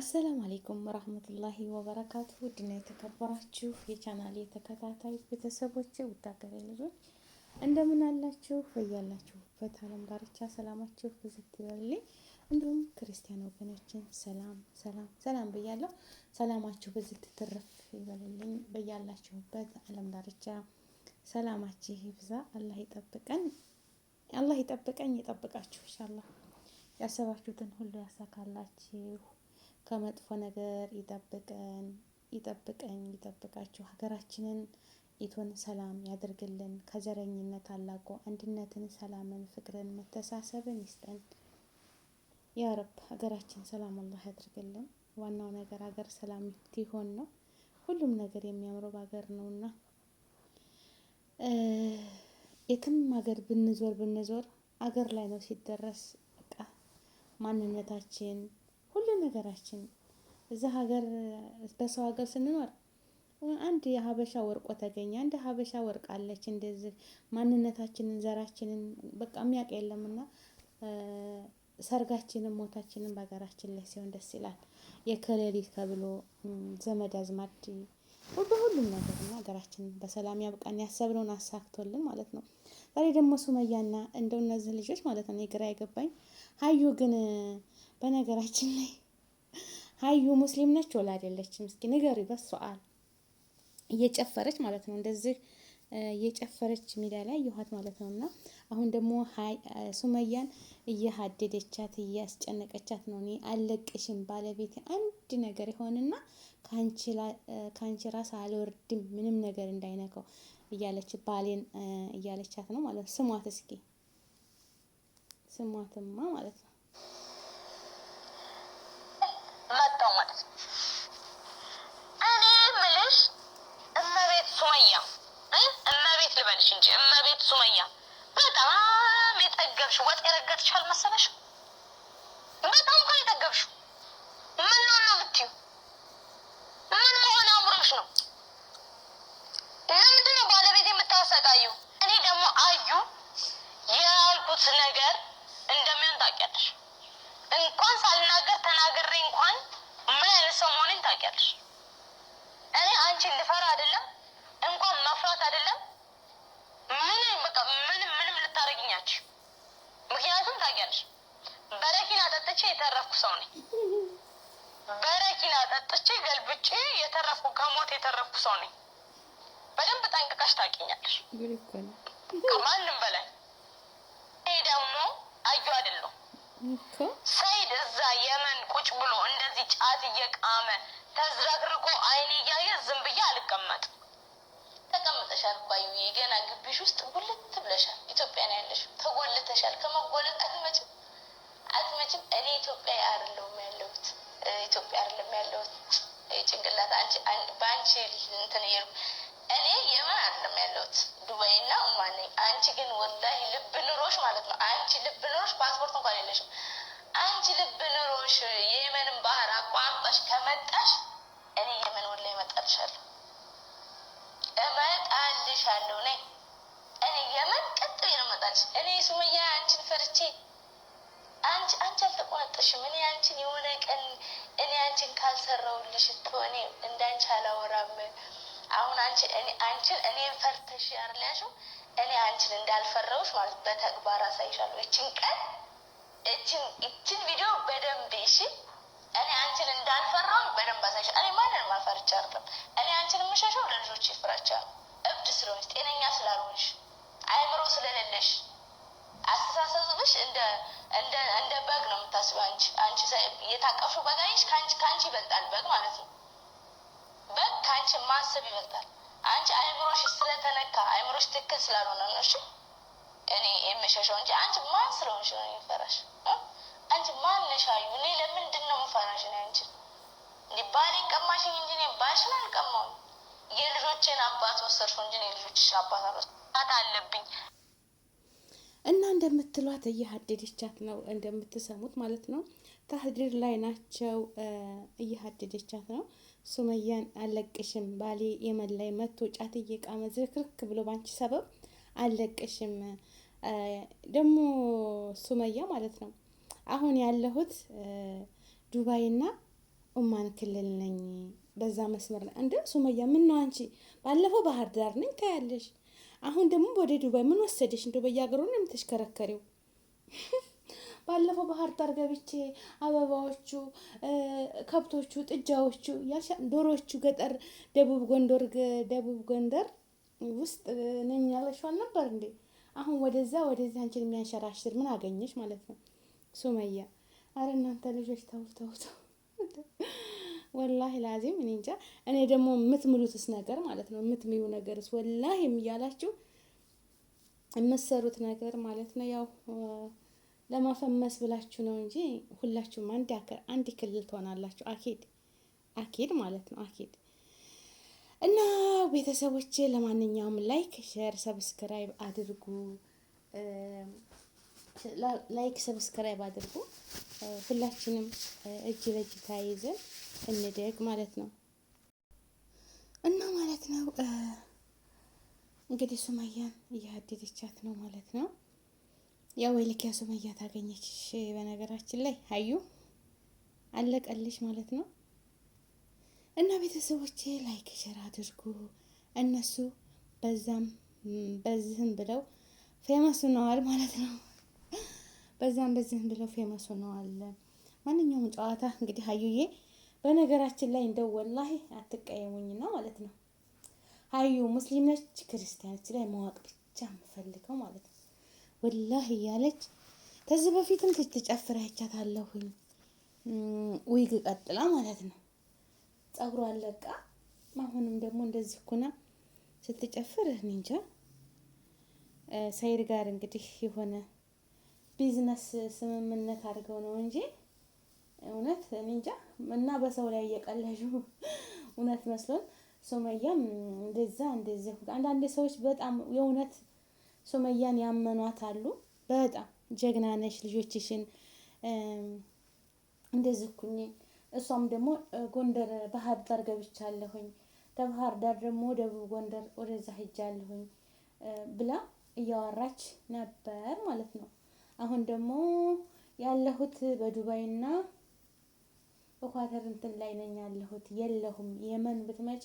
አሰላሙ አሌይኩም ረህመቱላሂ ወበረካቱ። ውድና የተከበራችሁ የቻናል የተከታታይ ቤተሰቦች፣ ውድ ሀገሬ ልጆች እንደምን አላችሁ? በያላችሁበት ዓለም ዳርቻ ሰላማችሁ ብዝት ይበልልኝ። እንዲሁም ክርስቲያን ወገኖችን ሰላም ሰላም ሰላም ብያለሁ። ሰላማችሁ ብዝት ትርፍ ይበልልኝ። በያላችሁበት ዓለም ዳርቻ ሰላማችሁ ይብዛ። አላህ ይጠብቀን፣ አላህ ይጠብቀኝ፣ ይጠብቃችሁ። ኢንሻላህ ያሰባችሁትን ሁሉ ያሳካላችሁ ከመጥፎ ነገር ይጠብቀን ይጠብቀኝ ይጠብቃችሁ። ሀገራችንን ኢቶን ሰላም ያደርግልን። ከዘረኝነት አላቆ አንድነትን፣ ሰላምን፣ ፍቅርን፣ መተሳሰብን ይስጠን። ያረብ ሀገራችን ሰላም አላህ ያደርግልን። ዋናው ነገር ሀገር ሰላም ትሆን ነው። ሁሉም ነገር የሚያምረው በሀገር ነውና የትም ሀገር ብንዞር ብንዞር ሀገር ላይ ነው ሲደረስ በቃ ማንነታችን ነገራችን እዛ ሀገር በሰው ሀገር ስንኖር አንድ የሀበሻ ወርቆ ተገኘ፣ አንድ ሀበሻ ወርቅ አለች። እንደዚህ ማንነታችንን ዘራችንን በቃ የሚያውቅ የለምና ሰርጋችንን ሞታችንን በሀገራችን ላይ ሲሆን ደስ ይላል። የከሌሊት ተብሎ ዘመድ አዝማድ በሁሉም ነገር እና ሀገራችን በሰላም ያብቃን፣ ያሰብነውን አሳክቶልን ማለት ነው። ዛሬ ደግሞ ሱመያና እንደው እነዚህ ልጆች ማለት ነው፣ ግራ የገባኝ ሀዩ ግን በነገራችን ላይ ሀዩ ሙስሊም ነች ወላ አይደለችም? እስኪ ንገሪ። በሰዓል እየጨፈረች ማለት ነው እንደዚህ የጨፈረች ሜዳ ላይ የውሀት ማለት ነው። እና አሁን ደግሞ ሱመያን እያሀደደቻት እያስጨነቀቻት ነው። እኔ አልለቅሽም ባለቤት አንድ ነገር ይሆንና ከአንቺ ራስ አልወርድም ምንም ነገር እንዳይነካው እያለች ባሌን እያለቻት ነው ማለት ነው። ስሟት እስኪ ስሟትማ ማለት ነው። የመጣው ማለት ነው። እኔ ምልሽ እመቤት ሱመያ እመቤት ልበልሽ እንጂ እመቤት ሱመያ በጣም የጠገብሽ ወጥ የረገጥሽ አልመሰለሽ? በጣም እኮ የጠገብሽ ምን ነው ነው ብትዩ ምን መሆን አምሮሽ ነው? ለምንድን ነው ባለቤት የምታሰቃዩ? እኔ ደግሞ አዩ ያልኩት ነገር እንደሚሆን ታውቂያለሽ። እንኳን ሳልናገር ተናግሬ እንኳን ምን አይነት ሰው መሆኔን ታውቂያለሽ። እኔ አንቺን ልፈራ አይደለም እንኳን መፍራት አይደለም ምንም በቃ ምንም ምንም ልታደርግኛችሁ። ምክንያቱም ታውቂያለሽ በረኪና ጠጥቼ የተረፍኩ ሰው ነኝ። በረኪና ጠጥቼ ገልብጬ የተረፍኩ ከሞት የተረፍኩ ሰው ነኝ። በደንብ ጠንቅቀሽ ታውቂኛለሽ ከማንም በላይ። ይሄ ደግሞ አዩ አይደለሁ ሰይድ እዛ የመን ቁጭ ብሎ እንደዚህ ጫት እየቃመ ተዝረክርኮ አይኔ እያየ ዝም ብዬ አልቀመጥም። ተቀምጠሻል ባዩ የገና ግቢሽ ውስጥ ጉልት ብለሻል። ኢትዮጵያ ነው ያለሽ፣ ተጎልተሻል። ከመጎለት አትመጭም፣ አትመጭም። እኔ ኢትዮጵያ አይደለሁም ያለሁት፣ ኢትዮጵያ አይደለም ያለሁት ጭንቅላት በአንቺ እንትን እየሄድኩ አንቺ ግን ወላሂ ልብ ኑሮሽ ማለት ነው። አንቺ ልብ ኑሮሽ ፓስፖርት እንኳን የለሽም። አንቺ ልብ ኑሮሽ የየመንን ባህር አቋርጠሽ ከመጣሽ እኔ የመን ወላሂ እመጣልሻለሁ፣ እመጣልሻለሁ። ነይ እኔ የመን ቀጥ ነው እመጣልሽ። እኔ ሱመያ አንቺን ፈርቼ አንቺ አንቺ አልተቋጥሽም። እኔ አንቺን የሆነ ቀን እኔ አንቺን ካልሰራውልሽ እኔ እንዳንቺ አላወራም። አሁን አንቺ አንቺን እኔ ፈርተሽ ያርለያሽው እኔ አንቺን እንዳልፈራሁሽ ማለት በተግባር አሳይሻለሁ። እችን ቀን እችን እችን ቪዲዮ በደንብ እሺ። እኔ አንቺን እንዳልፈራሁኝ በደንብ አሳይሻለሁ። እኔ ማንን ማፈርቻ አይደለም። እኔ አንቺን የምሸሸው ለልጆች ይፍራቻ እብድ ስለሆንሽ፣ ጤነኛ ስላልሆንሽ፣ አእምሮ ስለሌለሽ፣ አስተሳሰብሽ እንደ እንደ እንደ በግ ነው የምታስበው አንቺ አንቺ የታቀፍሽው በግ ከአንቺ ከአንቺ ይበልጣል በግ ማለት ነው። በግ ከአንቺ ማሰብ ይበልጣል። አንቺ አይምሮሽ ስለተነካ አይምሮሽ ትክክል ስላልሆነ ነው። እሺ እኔ የምሸሸው እንጂ አንቺ ማን ስለሆንሽ ነው የሚፈራሽ? አንቺ ማን ነሻዩ? እኔ ለምንድን ነው የምፈራሽ? ነ አንቺ እንዲ ባሌን ቀማሽኝ እንጂ እኔ ባልሽን አልቀማውም። የልጆቼን አባት ወሰድሽው እንጂ የልጆችሽ አባት አባት አለብኝ እና እንደምትሏት እያሀደደቻት ነው እንደምትሰሙት ማለት ነው። ታህድር ላይ ናቸው እየሀደደቻት ነው። ሱመያን አለቅሽም፣ ባሌ የመን ላይ መቶ ጫት እየቃመ ዝርክርክ ብሎ ባንቺ ሰበብ አለቅሽም። ደግሞ ሱመያ ማለት ነው አሁን ያለሁት ዱባይና ኡማን ክልል ነኝ፣ በዛ መስመር ላይ እንደ ሱመያ ምን ነው አንቺ ባለፈው ባህር ዳር ነኝ ታያለሽ፣ አሁን ደግሞ ወደ ዱባይ ምን ወሰደሽ? እንደ በየሀገሩ ነው የምትሽከረከሪው። ባለፈው ባህር ዳር ገብቼ አበባዎቹ፣ ከብቶቹ፣ ጥጃዎቹ፣ ዶሮዎቹ ገጠር ደቡብ ጎንደር ደቡብ ጎንደር ውስጥ ነኝ ያለሽው አልነበር እንዴ? አሁን ወደዛ ወደዚህ አንቺን የሚያንሸራሽር ምን አገኘሽ ማለት ነው ሱመያ? አረ እናንተ ልጆች ተው ተው ተው። ወላሂ ላዚም እኔ እንጃ። እኔ ደግሞ የምትምሉትስ ነገር ማለት ነው የምትምዩ ነገርስ ወላሂ የሚያላችሁ የምትሰሩት ነገር ማለት ነው ያው ለማፈመስ ብላችሁ ነው እንጂ ሁላችሁም አንድ አንድ ክልል ትሆናላችሁ። አኬድ አኬድ ማለት ነው አኬድ እና ቤተሰቦች፣ ለማንኛውም ላይክ፣ ሼር፣ ሰብስክራይብ አድርጉ። ላይክ ሰብስክራይብ አድርጉ። ሁላችንም እጅ ለእጅ ተያይዘን እንደግ ማለት ነው እና ማለት ነው እንግዲህ ሱመያን እያደደቻት ነው ማለት ነው። ያው የልኪያ ሱመያ ታገኘች በነገራችን ላይ ሀዩ አለቀልሽ ማለት ነው። እና ቤተሰቦች ላይክ ሸር አድርጉ። እነሱ በዛም በዚህም ብለው ፌመስ ሆነዋል ማለት ነው። በዛም በዚህም ብለው ፌመስ ሆነዋል። ማንኛውም ጨዋታ እንግዲህ ሀዩዬ፣ በነገራችን ላይ እንደው ወላሂ አትቀየሙኝ ነው ማለት ነው። ሀዩ ሙስሊም ነች ክርስቲያኖች ላይ መዋቅ ብቻ የምፈልገው ማለት ነው። ወላህ እያለች ከዚህ በፊትም ትጨፍር አይቻታለሁኝ። ዊግ ቀጥላ ማለት ነው ጸጉሯ አለቃ። አሁንም ደግሞ እንደዚህ ኩና ስትጨፍር እንጃ ሰይድ ጋር እንግዲህ የሆነ ቢዝነስ ስምምነት አድርገው ነው እንጂ እውነት እንጃ። እና በሰው ላይ እየቀለዱ እውነት መስሎን ሶመያም እንደዛ እንደዚህ አንዳንድ ሰዎች በጣም የእውነት ሱመያን ያመኗት አሉ። በጣም ጀግና ነሽ፣ ልጆችሽን እንደዚህ ኩኝ። እሷም ደግሞ ጎንደር ባህር ዳር ገብቻለሁኝ፣ ከባህር ዳር ደግሞ ደቡብ ጎንደር ወደዛ ሄጃለሁኝ ብላ እያወራች ነበር ማለት ነው። አሁን ደግሞ ያለሁት በዱባይና በኳተር እንትን ላይ ነኝ ያለሁት የለሁም። የመን ብትመጪ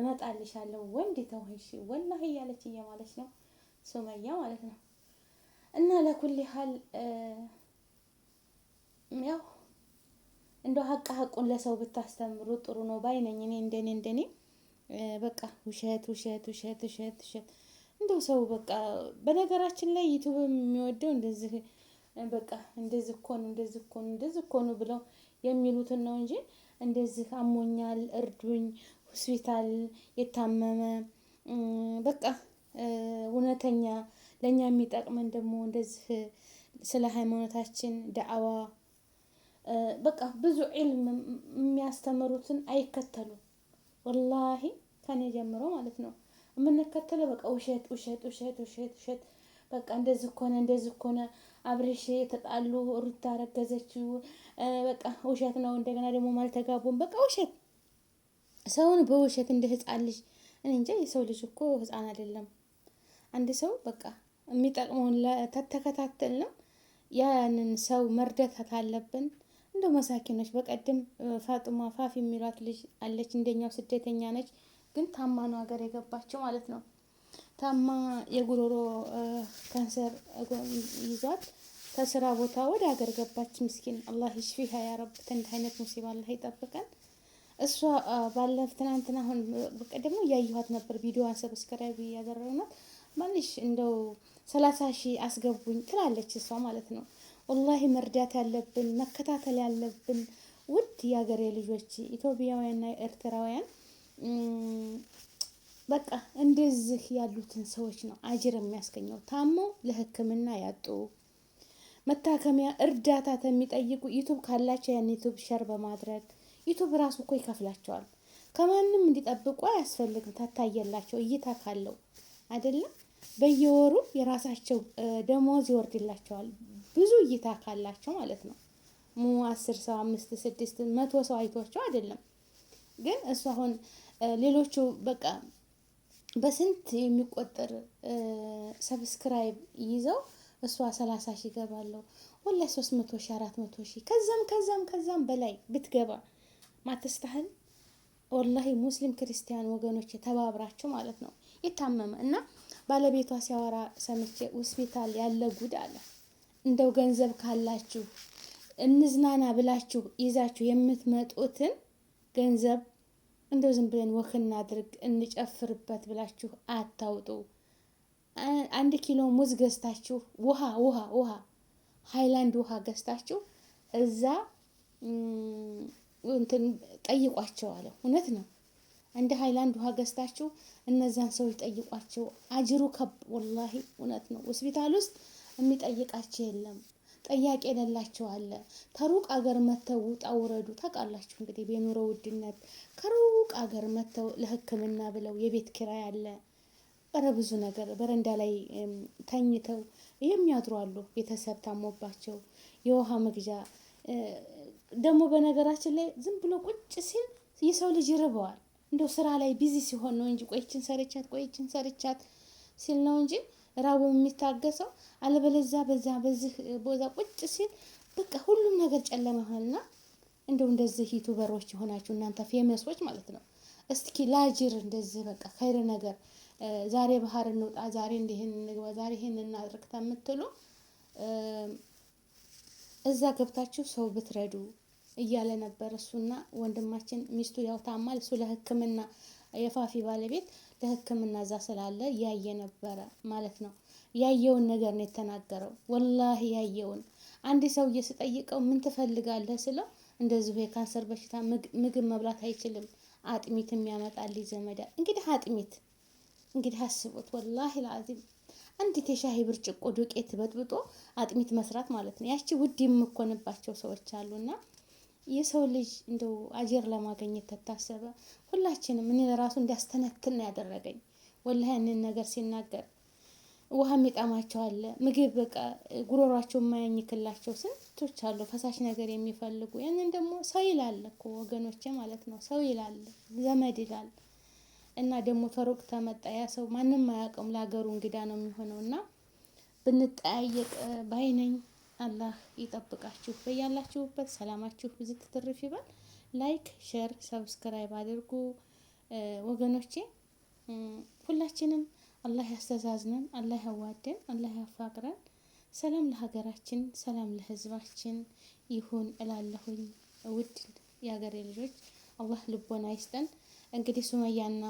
እመጣልሻለሁ ወንድ ተውሽ ወላህ እያለች እየማለች ነው። ሱመያ ማለት ነው። እና ለኩል ያህል ያው እንደ ሀቅ ሀቁን ለሰው ብታስተምሩ ጥሩ ነው ባይነኝ እኔ እንደኔ እንደኔ በቃ ውሸት ውሸት ውሸት ውሸት ውሸት እንደው ሰው በቃ በነገራችን ላይ ዩቱብ የሚወደው እንደዚህ በቃ እንደዚህ እኮ ነው እንደዚህ እኮ ነው እንደዚህ እኮ ነው ብለው የሚሉትን ነው እንጂ እንደዚህ አሞኛል፣ እርዱኝ፣ ሆስፒታል የታመመ በቃ እውነተኛ ለእኛ የሚጠቅመን ደግሞ እንደዚህ ስለ ሃይማኖታችን ደአዋ በቃ ብዙ ዒልም የሚያስተምሩትን አይከተሉም። ወላሂ ከኔ ጀምሮ ማለት ነው የምንከተለው በቃ ውሸት ውሸት ውሸት ውሸት ውሸት በቃ እንደዚህ ኮነ እንደዚህ ኮነ አብሬሽ የተጣሉ ሩታ ረገዘችው በቃ ውሸት ነው። እንደገና ደግሞ ማልተጋቡን በቃ ውሸት ሰውን በውሸት እንደ ህፃን ልጅ እኔ እንጃ የሰው ልጅ እኮ ህፃን አይደለም። አንድ ሰው በቃ የሚጠቅመውን ተተከታተል ነው ያንን ሰው መርዳታት አለብን። እንደ መሳኪኖች በቀድም ፋጡማ ፋፊ የሚሏት ልጅ አለች። እንደኛው ስደተኛ ነች፣ ግን ታማ ነው ሀገር የገባቸው ማለት ነው። ታማ የጉሮሮ ካንሰር ይዟት ከስራ ቦታ ወደ ሀገር ገባች። ምስኪን አላህ ይሽፊሃ ያረብ። እንዲህ አይነት ሙሲባ አላህ ይጠብቀን። እሷ ባለፈ ትናንትና፣ አሁን በቀደም እያየኋት ነበር ቪዲዮዋን ሰብስክራይብ ያደረግናት ማለሽ እንደው ሰላሳ ሺህ አስገቡኝ ትላለች እሷ ማለት ነው። ወላሂ መርዳት ያለብን መከታተል ያለብን ውድ የሀገሬ ልጆች ኢትዮጵያውያንና ኤርትራውያን በቃ እንደዚህ ያሉትን ሰዎች ነው አጅር የሚያስገኘው። ታመው ለሕክምና ያጡ መታከሚያ እርዳታ የሚጠይቁ ዩቱብ ካላቸው ያን ዩቱብ ሸር በማድረግ ዩቱብ ራሱ እኮ ይከፍላቸዋል። ከማንም እንዲጠብቁ አያስፈልግም። ታታየላቸው እይታ ካለው አይደለም በየወሩ የራሳቸው ደሞዝ ይወርድላቸዋል። ብዙ እይታ ካላቸው ማለት ነው። ሙ አስር ሰው አምስት ስድስት መቶ ሰው አይቷቸው አይደለም። ግን እሱ አሁን ሌሎቹ በቃ በስንት የሚቆጠር ሰብስክራይብ ይዘው እሷ ሰላሳ ሺ ይገባለሁ ወላ ሶስት መቶ ሺህ አራት መቶ ከዛም ከዛም ከዛም በላይ ብትገባ ማተስታህል ወላሂ ሙስሊም ክርስቲያን ወገኖች ተባብራቸው ማለት ነው የታመመ እና ባለቤቷ ሲያወራ ሰምቼ ሆስፒታል ያለ ጉድ አለ። እንደው ገንዘብ ካላችሁ እንዝናና ብላችሁ ይዛችሁ የምትመጡትን ገንዘብ እንደው ዝም ብለን ወክ እናድርግ እንጨፍርበት ብላችሁ አታውጡ። አንድ ኪሎ ሙዝ ገዝታችሁ ውሃ ውሃ ውሃ ሃይላንድ ውሃ ገዝታችሁ እዛ እንትን ጠይቋቸው አለ። እውነት ነው። እንደ ሀይላንድ ውሃ ገዝታችሁ እነዛን ሰዎች ጠይቋቸው። አጅሩ ከብ ወላሂ እውነት ነው። ሆስፒታል ውስጥ የሚጠይቃቸው የለም። ጠያቂ የሌላቸው አለ። ከሩቅ አገር መተው ውጣ ውረዱ ታውቃላችሁ እንግዲህ በኑሮ ውድነት ከሩቅ አገር መተው ለሕክምና ብለው የቤት ኪራይ አለ። ኧረ ብዙ ነገር በረንዳ ላይ ተኝተው የሚያድሩ አሉ። ቤተሰብ ታሞባቸው የውሃ መግዣ ደግሞ በነገራችን ላይ ዝም ብሎ ቁጭ ሲል የሰው ልጅ ይርበዋል። እንደው ስራ ላይ ቢዚ ሲሆን ነው እንጂ ቆይችን ሰርቻት ቆይችን ሰርቻት ሲል ነው እንጂ ራቡ የሚታገሰው። አለበለዛ በዛ በዚህ ቦዛ ቁጭ ሲል በቃ ሁሉም ነገር ጨለማ ሆነና እንደው እንደዚህ ዩቱበሮች የሆናችሁ እናንተ ፌመሶች ማለት ነው እስኪ ላጅር እንደዚህ በቃ ከይር ነገር ዛሬ ባህር እንውጣ፣ ዛሬ እንዲህን እንግባ፣ ዛሬ ይህን እናድርግ የምትሉ እዛ ገብታችሁ ሰው ብትረዱ እያለ ነበር እሱና ወንድማችን። ሚስቱ ያው ታማል፣ እሱ ለሕክምና የፋፊ ባለቤት ለሕክምና እዛ ስላለ ያየ ነበረ ማለት ነው። ያየውን ነገር ነው የተናገረው። ወላሂ ያየውን አንድ ሰውዬ ስጠይቀው ምን ትፈልጋለህ ስለው እንደዚሁ የካንሰር በሽታ ምግብ መብላት አይችልም፣ አጥሚት የሚያመጣል ዘመዳ። እንግዲህ አጥሚት እንግዲህ አስቡት፣ ወላሂ ለአዚም አንዲት የሻሂ ብርጭቆ ዱቄት በጥብጦ አጥሚት መስራት ማለት ነው። ያቺ ውድ የምኮንባቸው ሰዎች አሉና የሰው ልጅ እንደው አጀር ለማገኘት ተታሰበ ሁላችንም እኔ ለራሱ እንዲያስተነትን ነው ያደረገኝ። ወላሂ ያንን ነገር ሲናገር ውሃ የሚጠማቸው አለ፣ ምግብ በቃ ጉሮሯቸው የማያኝክላቸው ስንቶች አሉ፣ ፈሳሽ ነገር የሚፈልጉ። ያንን ደግሞ ሰው ይላል እኮ ወገኖቼ ማለት ነው። ሰው ይላል፣ ዘመድ ይላል። እና ደግሞ ተሩቅ ተመጣ ያ ሰው ማንም አያውቅም፣ ለሀገሩ እንግዳ ነው የሚሆነው እና ብንጠያየቅ ባይነኝ አላህ ይጠብቃችሁ። በያላችሁበት ሰላማችሁ ብዝት ትርፍ ይበል። ላይክ፣ ሼር፣ ሰብስክራይብ አድርጉ ወገኖቼ። ሁላችንም አላህ ያስተዛዝነን፣ አላህ ያዋደን፣ አላህ ያፋቅረን። ሰላም ለሀገራችን፣ ሰላም ለህዝባችን ይሁን እላለሁኝ። ውድ የሀገሬ ልጆች አላህ ልቦና ይስጠን። እንግዲህ ሱመያና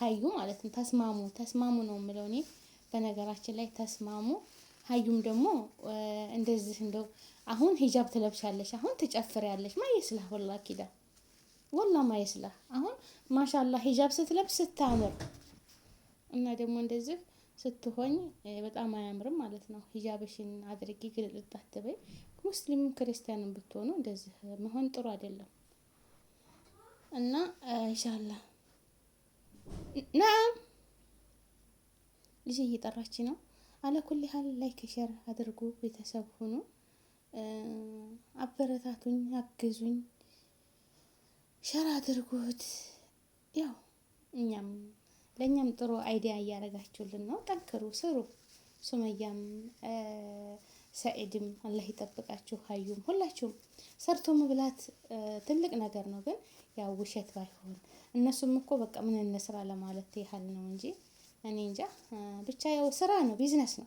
ሀዩ ማለት ነው ተስማሙ፣ ተስማሙ ነው የምለው እኔ። በነገራችን ላይ ተስማሙ ሀዩም ደግሞ እንደዚህ እንደው አሁን ሂጃብ ትለብሻለሽ፣ አሁን ትጨፍሪያለሽ። ማየስላ ወላ ኪዳ ወላ ማየስላ አሁን ማሻላ ሂጃብ ስትለብስ ስታምር እና ደግሞ እንደዚህ ስትሆኝ በጣም አያምርም ማለት ነው። ሂጃብሽን አድርጊ ግልጥ ትበይ። ሙስሊም ክርስቲያንም ብትሆኑ እንደዚህ መሆን ጥሩ አይደለም እና ኢንሻአላህ ናም ልጅ እየጠራች ነው። አለኩል ያህል ላይክ ሸር አድርጉ፣ ቤተሰብ ሁኑ፣ አበረታቱኝ፣ አግዙኝ፣ ሸር አድርጉት። ያው እኛም ለእኛም ጥሩ አይዲያ እያደረጋችሁልን ነው። ጠንክሩ፣ ስሩ። ሱመያም ሰኢድም አላህ ይጠብቃችሁ። ሀዩም ሁላችሁም ሰርቶ መብላት ትልቅ ነገር ነው። ግን ያው ውሸት ባይሆን እነሱም እኮ በቃ ምን እንስራ ለማለት ያህል ነው እንጂ እኔ እንጃ ብቻ ያው ስራ ነው፣ ቢዝነስ ነው።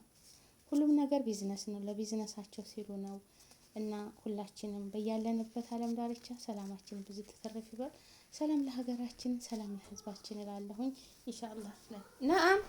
ሁሉም ነገር ቢዝነስ ነው። ለቢዝነሳቸው ሲሉ ነው። እና ሁላችንም በያለንበት ዓለም ዳርቻ ሰላማችን ብዙ ተተረፍ ይበል። ሰላም ለሀገራችን፣ ሰላም ለህዝባችን እላለሁኝ። ኢንሻአላህ ነአም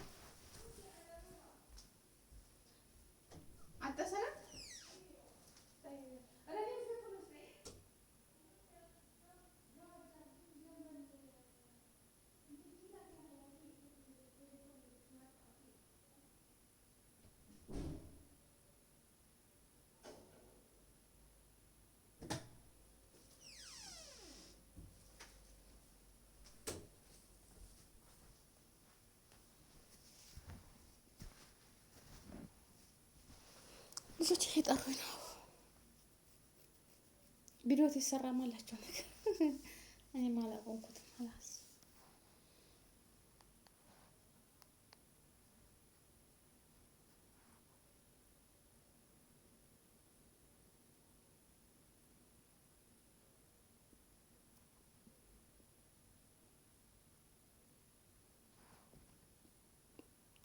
ልጆች እየጠሩ ነው። ቪዲዮት ይሰራ ማላቸው ነገር እኔ ማላቆንኩትም አላስ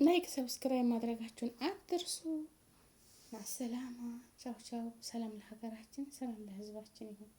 ላይክ ሰብስክራይብ ማድረጋችሁን አትርሱ። ማሰላማ ቻው ቻው። ሰላም ለሀገራችን፣ ሰላም ለህዝባችን ይሁን።